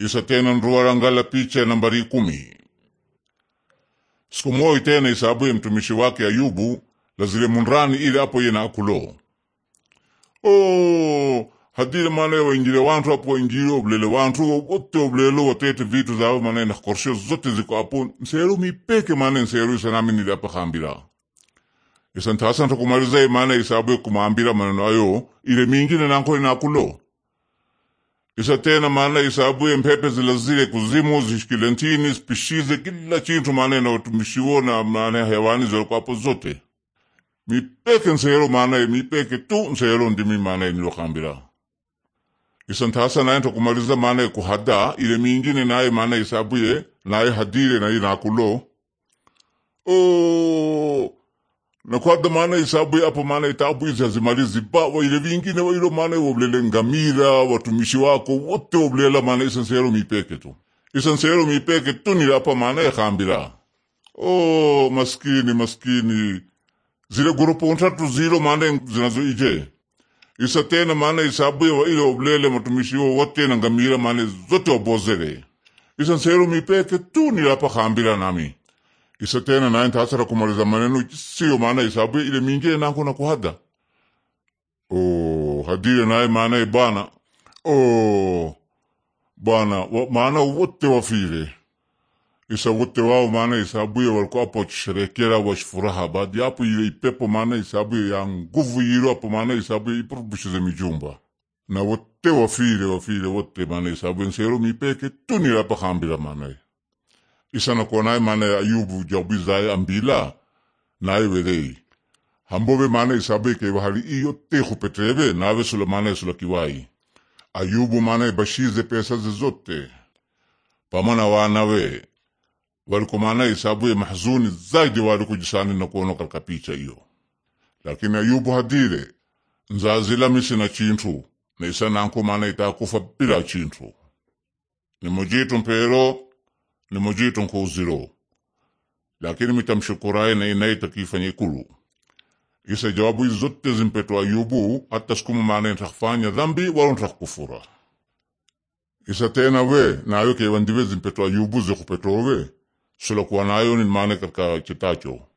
isa tena nruwara ngala picha nambari kumi. Siku moyi tena isabu ya mtumishi wake Ayubu lazile munrani ile apo yena akulo o hadile mana ya wainjile wantu apo wainjile obulele wantu wote obulelo watete vitu zao mana na korshe zote ziko apo nseru mipeke manaye nseru isa nami isanamini apa ntasa isantasanta mana isabu ya kumambila maneno ayo ile mingine nankole nakulo kisha tena maana isabuye mpepe zilazile zile kuzimu zishikile ntini spishize kila chintu maana na utumishiwo na maana hewani zilikuwapo zote mipeke nsero maana mipeke tu nsero ndimi maana nilokambira isantasa naye ntokumaliza maana kuhada ile mingine naye maana isabuye naye hadire naye nakulo oh na nakwada mana isabu apo mana itabu izi hazimalizi ba waile vingine wailo mana woblele ngamira watumishi wako wote woblela mana isansero mipeke tu isansero mipeke tu ni apa mana yakambira oh maskini maskini zile gurupu ntatu zilo mana zinazo ije isa tena mana isabu ya waile woblele matumishi wo wote na ngamira mana zote wabozele isansero mipeke tu ni apa kambira nami isa tena nani tasara kumaliza maneno siyo maana isabu ile mingine nako na kuhada oh hadire naye maana e bana oh bana maana wote wafile isa wote wao maana isabu isabuye walikuwa apo wakisherekera washifuraha badi apo ile ipepo maana isabu ya nguvu yiro apo maana isabu isabuye ipurubushize mijumba na wote wafile wafile wote maana isabu nsero mipeke tunilapakambila maanaye isanakonai mane ayubu jaubizae ambila nae werei hambove mane isabe kewahari iyo tehu petreve nawe sula mane sula kiwai ayubu mane bashize pesa zezote pamana wanawe waliko mane isabue mahzuni zaidi waliko jisani nakono kalka picha iyo lakini ayubu hadire nzazila misi na chintu na isananko mane itakufa bila chintu ni nimujitu mpero nko kuuziro lakini mitamshukuraye na inai takifanya ikulu isa jawabu hizi zote zimpeto Ayubu hata sikuma maana ntakfanya dhambi wala ntakufura isa tena we nayo kewandive zimpeto Ayubu zikupetowe sulakuwa nayo ni maana katika chitacho